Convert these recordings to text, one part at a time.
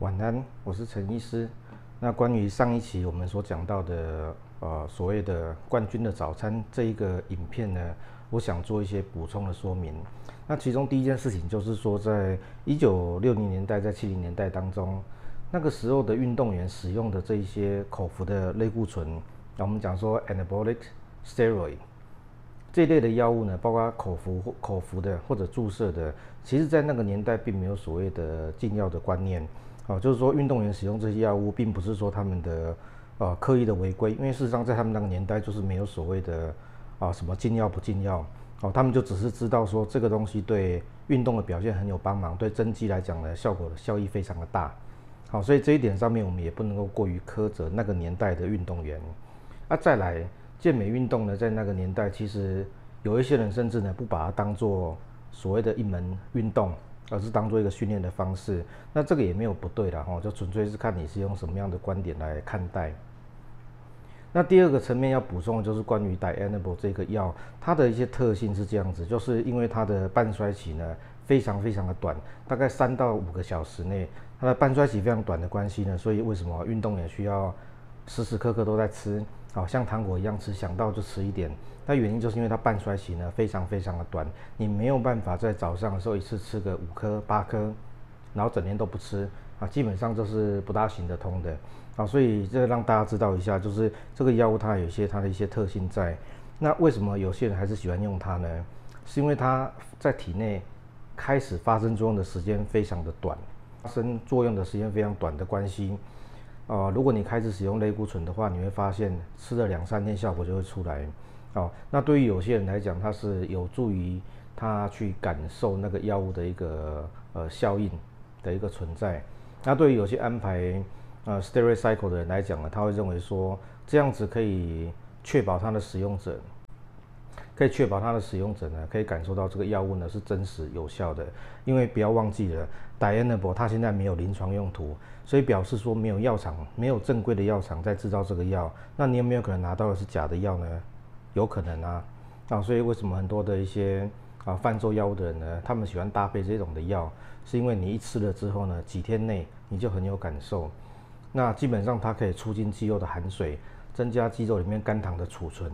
晚安，我是陳醫師。那關於上一期我們所講到的呃所謂的冠軍的早餐這一個影片呢，我想做一些補充的說明。那其中第一件事情就是說，在一九六零年代在七零年代當中，那個時候的運動員使用的這一些口服的類固醇，那我們講說 anabolic steroid 這一類的藥物呢，包括口服或口服的或者注射的，其實在那個年代並沒有所謂的禁藥的觀念。啊，就是說運動員使用這些藥物，並不是說他們的呃刻意的違規，因為事實上在他們那個年代，就是沒有所謂的啊、呃、什麼禁藥不禁藥，好、呃，他們就只是知道說這個東西對運動的表現很有幫忙，對增肌來講呢，效果的效益非常的大，好、呃，所以這一點上面我們也不能夠過於苛責那個年代的運動員。啊，再來健美運動呢，在那個年代其實有一些人甚至呢不把它當作所謂的一門運動。而是當做一個訓練的方式，那這個也沒有不對的哈，就純粹是看你是用什麼樣的觀點來看待。那第二個層面要補充的就是關於 Dianabol 這個藥，它的一些特性是這樣子，就是因為它的半衰期呢非常非常的短，大概三到五個小時內，它的半衰期非常短的關係呢，所以為什麼運動員需要。時時刻刻都在吃，好像糖果一樣吃，想到就吃一點。那原因就是因為它半衰期呢非常非常的短，你沒有辦法在早上的時候一次吃個五顆八顆，然後整天都不吃啊，基本上就是不大行得通的啊。所以這個讓大家知道一下，就是這個藥物它有些它的一些特性在。那為什麼有些人還是喜歡用它呢？是因為它在體內開始發生作用的時間非常的短，發生作用的時間非常短的關係。啊、呃，如果你開始使用類固醇的話，你會發現吃了兩三天效果就會出來。哦、呃，那對於有些人來講，他是有助於他去感受那個藥物的一個呃效應的一個存在。那對於有些安排呃 steroid cycle 的人來講呢，他、啊、會認為說這樣子可以確保他的使用者。可以確保它的使用者呢，可以感受到這個藥物呢是真實有效的。因為不要忘記了，Dianabol 它現在沒有臨床用途，所以表示說沒有藥廠，沒有正規的藥廠在製造這個藥。那你有沒有可能拿到的是假的藥呢？有可能啊。啊，所以為什麼很多的一些啊販售藥物的人呢，他們喜歡搭配這種的藥，是因為你一吃了之後呢，幾天內你就很有感受。那基本上它可以促進肌肉的含水，增加肌肉裡面肝糖的儲存。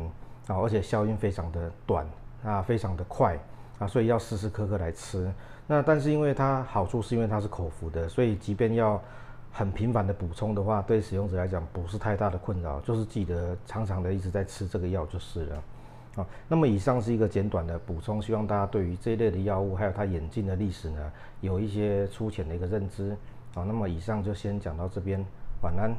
啊，而且效應非常的短，啊，非常的快，啊，所以要時時刻刻來吃。那但是因為它好處是因為它是口服的，所以即便要很頻繁的補充的話，對使用者來講不是太大的困擾，就是記得常常的一直在吃這個藥就是了。好、啊，那麼以上是一個簡短的補充，希望大家對於這一類的藥物還有它演進的歷史呢，有一些粗淺的一個認知。好、啊，那麼以上就先講到這邊，晚安。